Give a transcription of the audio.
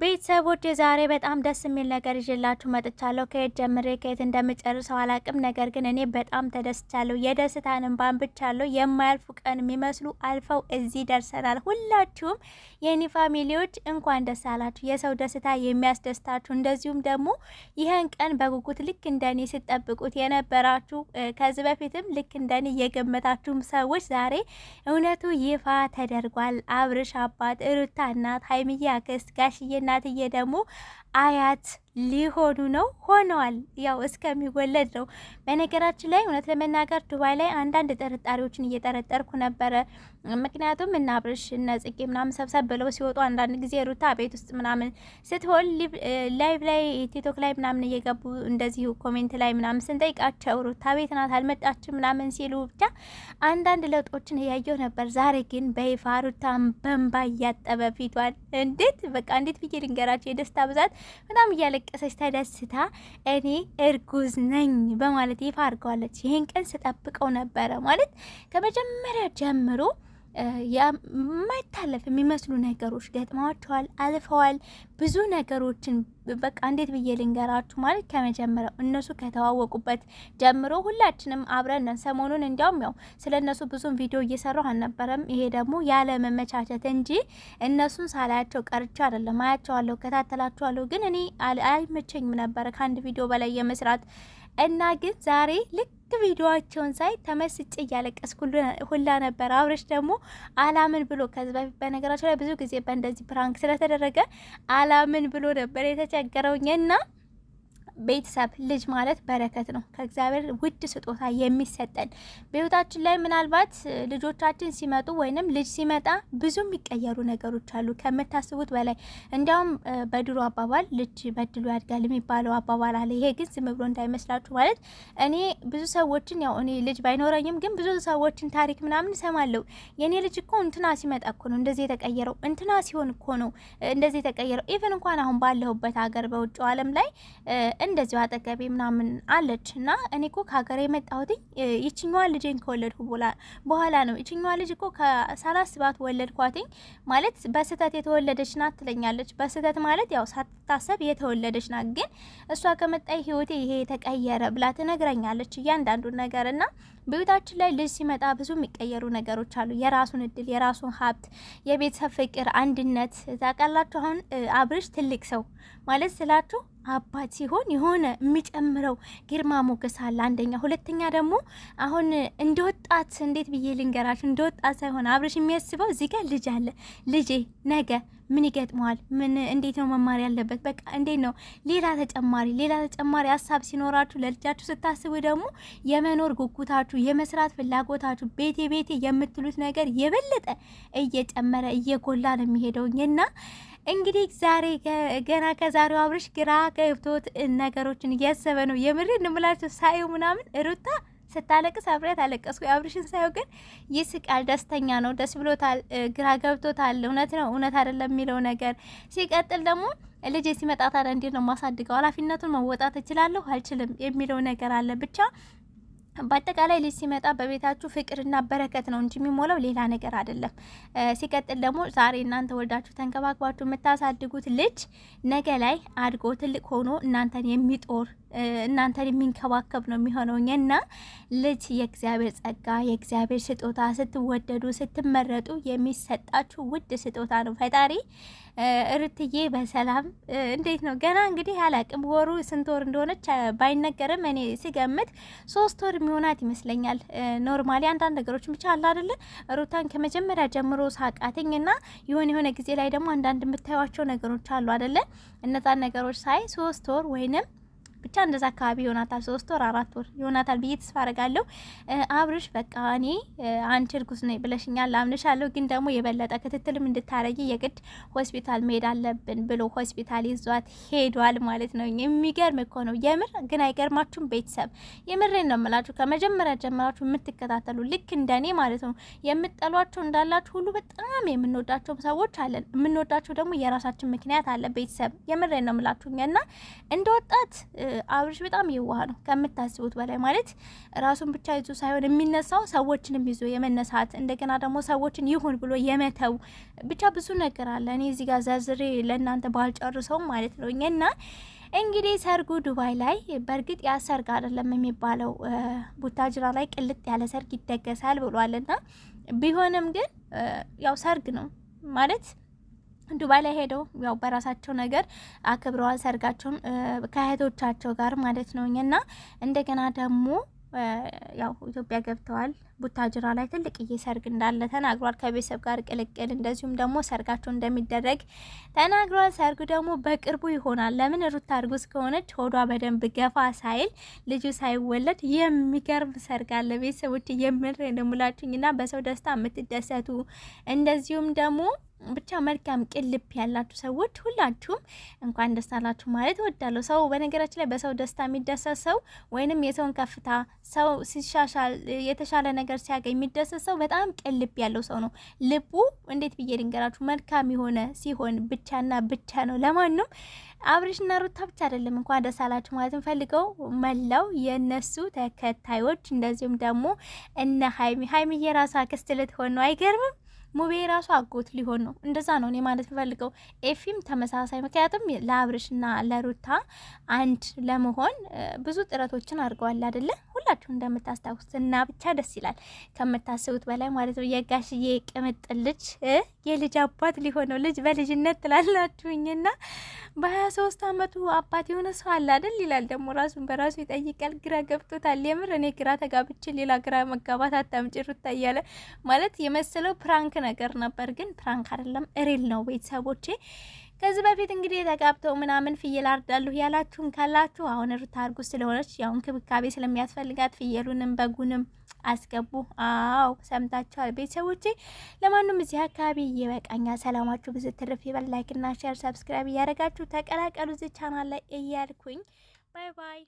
ቤተሰቦች ዛሬ በጣም ደስ የሚል ነገር ይዤላችሁ መጥቻለሁ። ከየት ጀምሬ ከየት እንደምጨርሰው አላቅም። ነገር ግን እኔ በጣም ተደስቻለሁ። የደስታን እንባን ብቻለሁ። የማያልፉ ቀን የሚመስሉ አልፈው እዚህ ደርሰናል። ሁላችሁም የኔ ፋሚሊዎች እንኳን ደስ አላችሁ። የሰው ደስታ የሚያስደስታችሁ፣ እንደዚሁም ደግሞ ይህን ቀን በጉጉት ልክ እንደኔ ስጠብቁት የነበራችሁ ከዚህ በፊትም ልክ እንደኔ የገመታችሁም ሰዎች ዛሬ እውነቱ ይፋ ተደርጓል። አብርሽ አባት፣ ሩታ እናት፣ ሀይሚያ ክስት፣ ጋሽዬ እናትዬ ደግሞ አያት ሊሆኑ ነው ሆነዋል። ያው እስከሚወለድ ነው። በነገራችን ላይ እውነት ለመናገር ዱባይ ላይ አንዳንድ ጥርጣሬዎችን እየጠረጠርኩ ነበረ። ምክንያቱም እና አብርሽ እና ጽጌ ምናምን ሰብሰብ ብለው ሲወጡ አንዳንድ ጊዜ ሩታ ቤት ውስጥ ምናምን ስትሆን ላይቭ ላይ ቲክቶክ ላይ ምናምን እየገቡ እንደዚሁ ኮሜንት ላይ ምናምን ስንጠይቃቸው ሩታ ቤት ናት አልመጣችም ምናምን ሲሉ ብቻ አንዳንድ ለውጦችን እያየው ነበር። ዛሬ ግን በይፋ ሩታን በንባ እያጠበ ፊቷል። እንዴት በቃ እንዴት ብዬ ልንገራቸው የደስታ ብዛት በጣም እያለቀሰች ተደስታ እኔ እርጉዝ ነኝ በማለት ይፋ አድርገዋለች። ይህን ቀን ስጠብቀው ነበረ ማለት ከመጀመሪያ ጀምሮ የማይታለፍ የሚመስሉ ነገሮች ገጥመዋቸዋል፣ አልፈዋል። ብዙ ነገሮችን በቃ እንዴት ብዬ ልንገራችሁ ማለት ከመጀመሪያው እነሱ ከተዋወቁበት ጀምሮ ሁላችንም አብረነን። ሰሞኑን እንዲያውም ያው ስለ እነሱ ብዙም ቪዲዮ እየሰራሁ አልነበረም። ይሄ ደግሞ ያለ መመቻቸት እንጂ እነሱን ሳላያቸው ቀርቼ አይደለም። አያቸዋለሁ፣ እከታተላቸዋለሁ። ግን እኔ አይመቸኝም ነበረ ከአንድ ቪዲዮ በላይ የመስራት እና ግን ዛሬ ልክ ቪዲዮዋቸውን ሳይ ተመስጭ እያለቀስ ሁላ ነበር። አብረሽ ደግሞ አላምን ብሎ ከዚህ በፊት በነገራቸው ላይ ብዙ ጊዜ በእንደዚህ ፕራንክ ስለተደረገ አላምን ብሎ ነበር የተቸ ያስቸገረውኝ እና ቤተሰብ ልጅ ማለት በረከት ነው፣ ከእግዚአብሔር ውድ ስጦታ የሚሰጠን በህይወታችን ላይ ምናልባት ልጆቻችን ሲመጡ ወይንም ልጅ ሲመጣ ብዙ የሚቀየሩ ነገሮች አሉ ከምታስቡት በላይ። እንዲያውም በድሮ አባባል ልጅ በድሎ ያድጋል የሚባለው አባባል አለ። ይሄ ግን ዝም ብሎ እንዳይመስላችሁ ማለት እኔ ብዙ ሰዎችን ያው እኔ ልጅ ባይኖረኝም ግን ብዙ ሰዎችን ታሪክ ምናምን እሰማለሁ። የእኔ ልጅ እኮ እንትና ሲመጣ እኮ ነው እንደዚህ የተቀየረው፣ እንትና ሲሆን እኮ ነው እንደዚህ የተቀየረው። ኢቨን እንኳን አሁን ባለሁበት ሀገር በውጭው አለም ላይ እንደዚሁ አጠገቤ ምናምን አለች እና እኔ ኮ ከሀገር የመጣሁት ይችኛዋ ልጄን ከወለድኩ በኋላ ነው። ይችኛዋ ልጅ እኮ ስባት ወለድኳትኝ ማለት በስህተት የተወለደች ናት ትለኛለች። በስህተት ማለት ያው ሳትታሰብ የተወለደች ናት፣ ግን እሷ ከመጣይ ህይወቴ ይሄ የተቀየረ ብላ ትነግረኛለች እያንዳንዱን ነገር እና በቤታችን ላይ ልጅ ሲመጣ ብዙ የሚቀየሩ ነገሮች አሉ። የራሱን እድል፣ የራሱን ሀብት፣ የቤተሰብ ፍቅር፣ አንድነት ታውቃላችሁ። አሁን አብርሽ ትልቅ ሰው ማለት ስላችሁ አባት ሲሆን የሆነ የሚጨምረው ግርማ ሞገስ አለ። አንደኛ፣ ሁለተኛ ደግሞ አሁን እንደ ወጣት እንዴት ብዬ ልንገራችሁ፣ እንደ ወጣት ሳይሆን አብርሽ የሚያስበው እዚህ ጋር ልጅ አለ። ልጄ ነገ ምን ይገጥመዋል? ምን እንዴት ነው መማር ያለበት? በቃ እንዴት ነው ሌላ ተጨማሪ ሌላ ተጨማሪ ሀሳብ ሲኖራችሁ ለልጃችሁ ስታስቡ ደግሞ የመኖር ጉጉታችሁ ፍላጎታችሁ የመስራት ፍላጎታችሁ ቤቴ ቤቴ የምትሉት ነገር የበለጠ እየጨመረ እየጎላ ነው የሚሄደውኝ እና እንግዲህ ዛሬ ገና ከዛሬው አብርሽ ግራ ገብቶት ነገሮችን እያሰበ ነው። የምር እንምላችሁ ሳየው ምናምን ሩታ ስታለቅስ አብሬያት አለቀስኩ። አብርሽን ሳየው ግን ይስቃል፣ ደስተኛ ነው፣ ደስ ብሎታል፣ ግራ ገብቶታል። እውነት ነው እውነት አይደለም የሚለው ነገር ሲቀጥል ደግሞ ልጅ ሲመጣ ታዲያ እንዴት ነው ማሳድገው? ኃላፊነቱን መወጣት እችላለሁ አልችልም የሚለው ነገር አለ ብቻ በአጠቃላይ ልጅ ሲመጣ በቤታችሁ ፍቅርና በረከት ነው እንጂ የሚሞላው ሌላ ነገር አይደለም። ሲቀጥል ደግሞ ዛሬ እናንተ ወልዳችሁ ተንከባክባችሁ የምታሳድጉት ልጅ ነገ ላይ አድጎ ትልቅ ሆኖ እናንተን የሚጦር እናንተን የሚንከባከብ ነው የሚሆነውኝ እና ልጅ የእግዚአብሔር ጸጋ የእግዚአብሔር ስጦታ ስትወደዱ ስትመረጡ የሚሰጣችሁ ውድ ስጦታ ነው። ፈጣሪ እርትዬ በሰላም እንዴት ነው ገና እንግዲህ አላቅም። ወሩ ስንት ወር እንደሆነች ባይነገርም እኔ ስገምት ሶስት ወር የሚሆናት ይመስለኛል። ኖርማሊ አንዳንድ ነገሮች ብቻ አለ አደለ ሩታን ከመጀመሪያ ጀምሮ ሳቃትኝ እና የሆነ የሆነ ጊዜ ላይ ደግሞ አንዳንድ የምታዩቸው ነገሮች አሉ አደለ እነዛን ነገሮች ሳይ ሶስት ወር ወይንም ብቻ እንደዛ አካባቢ ይሆናታል። ሶስት ወር አራት ወር ይሆናታል ብዬ ተስፋ አረጋለሁ። አብርሽ በቃ እኔ አንቺ እርጉዝ ነኝ ብለሽኛል፣ አምንሻለሁ። ግን ደግሞ የበለጠ ክትትልም እንድታረጊ የግድ ሆስፒታል መሄድ አለብን ብሎ ሆስፒታል ይዟት ሄዷል ማለት ነው። የሚገርም እኮ ነው የምር። ግን አይገርማችሁም ቤተሰብ? የምሬን ነው የምላችሁ። ከመጀመሪያ ጀምራችሁ የምትከታተሉ ልክ እንደኔ ማለት ነው የምጠሏቸው እንዳላችሁ ሁሉ በጣም የምንወዳቸው ሰዎች አለን። የምንወዳቸው ደግሞ የራሳችን ምክንያት አለ ቤተሰብ። የምሬን ነው የምላችሁ እና እንደ ወጣት አብርሽ በጣም የዋህ ነው ከምታስቡት በላይ ማለት ራሱን ብቻ ይዞ ሳይሆን የሚነሳው ሰዎችንም ይዞ የመነሳት እንደገና ደግሞ ሰዎችን ይሁን ብሎ የመተው ብቻ ብዙ ነገር አለ። እኔ እዚህ ጋር ዘርዝሬ ለእናንተ ባልጨርሰው ማለት ነው እና እንግዲህ ሰርጉ ዱባይ ላይ በእርግጥ ያ ሰርግ አይደለም የሚባለው ቡታጅራ ላይ ቅልጥ ያለ ሰርግ ይደገሳል ብሏልና ቢሆንም ግን ያው ሰርግ ነው ማለት ዱባይ ላይ ሄደው ያው በራሳቸው ነገር አክብረዋል ሰርጋቸውን ከእህቶቻቸው ጋር ማለት ነው። እና እንደገና ደግሞ ያው ኢትዮጵያ ገብተዋል። ቡታጅራ ላይ ትልቅዬ ሰርግ እንዳለ ተናግሯል። ከቤተሰብ ጋር ቅልቅል እንደዚሁም ደግሞ ሰርጋቸው እንደሚደረግ ተናግሯል። ሰርጉ ደግሞ በቅርቡ ይሆናል። ለምን ሩታ እርጉዝ ከሆነች ሆዷ በደንብ ገፋ ሳይል ልጁ ሳይወለድ የሚገርም ሰርግ አለ። ቤተሰቦች የምር እንደምላችሁኝና በሰው ደስታ የምትደሰቱ እንደዚሁም ደግሞ ብቻ መልካም ቅልብ ያላችሁ ሰዎች ሁላችሁም እንኳን ደስ አላችሁ ማለት እወዳለሁ። ሰው በነገራችን ላይ በሰው ደስታ የሚደሰት ሰው ወይንም የሰውን ከፍታ ሰው ሲሻሻል የተሻለ ነገር ሲያገኝ የሚደሰት ሰው በጣም ቅልብ ያለው ሰው ነው። ልቡ እንዴት ብዬ ልንገራችሁ መልካም የሆነ ሲሆን ብቻና ብቻ ነው። ለማንም አብሬሽና ሩታ ብቻ አይደለም እንኳን ደስ አላችሁ ማለት ፈልገው መላው የእነሱ ተከታዮች እንደዚሁም ደግሞ እነ ሀይሚ ሀይሚ የራሷ ክስት ልትሆን ነው። አይገርምም? ሙቤ ራሱ አጎት ሊሆን ነው። እንደዛ ነው እኔ ማለት የምፈልገው። ኤፊም ተመሳሳይ። ምክንያቱም ለአብርሽና ለሩታ አንድ ለመሆን ብዙ ጥረቶችን አድርገዋል አይደለ? ሁላችሁ እንደምታስታውሱት እና ብቻ ደስ ይላል ከምታስቡት በላይ ማለት ነው። የጋሽዬ ቅምጥል ልጅ የልጅ አባት ሊሆነው ልጅ በልጅነት ትላላችሁኝና በሀያ ሶስት አመቱ አባት የሆነ ሰው አለ አይደል ይላል። ደግሞ ራሱን በራሱ ይጠይቃል። ግራ ገብቶታል። የምር እኔ ግራ ተጋብቼ ሌላ ግራ መጋባት አታምጭሩ ታያለ ማለት የመሰለው ፕራንክ ነገር ነበር፣ ግን ፕራንክ አይደለም፣ ሪል ነው ቤተሰቦቼ ከዚህ በፊት እንግዲህ የተጋብተው ምናምን ፍየል አርዳለሁ ያላችሁን ካላችሁ አሁን ሩታ አርጉ ስለሆነች ያው እንክብካቤ ስለሚያስፈልጋት ፍየሉንም በጉንም አስገቡ። አዎ ሰምታችኋል ቤተሰቦቼ። ለማንም እዚህ አካባቢ እየበቃኛ ሰላማችሁ ብዙ ትርፍ ይበል። ላይክና ሼር፣ ሰብስክራይብ እያደረጋችሁ ተቀላቀሉ እዚህ ቻናል ላይ እያልኩኝ ባይ ባይ።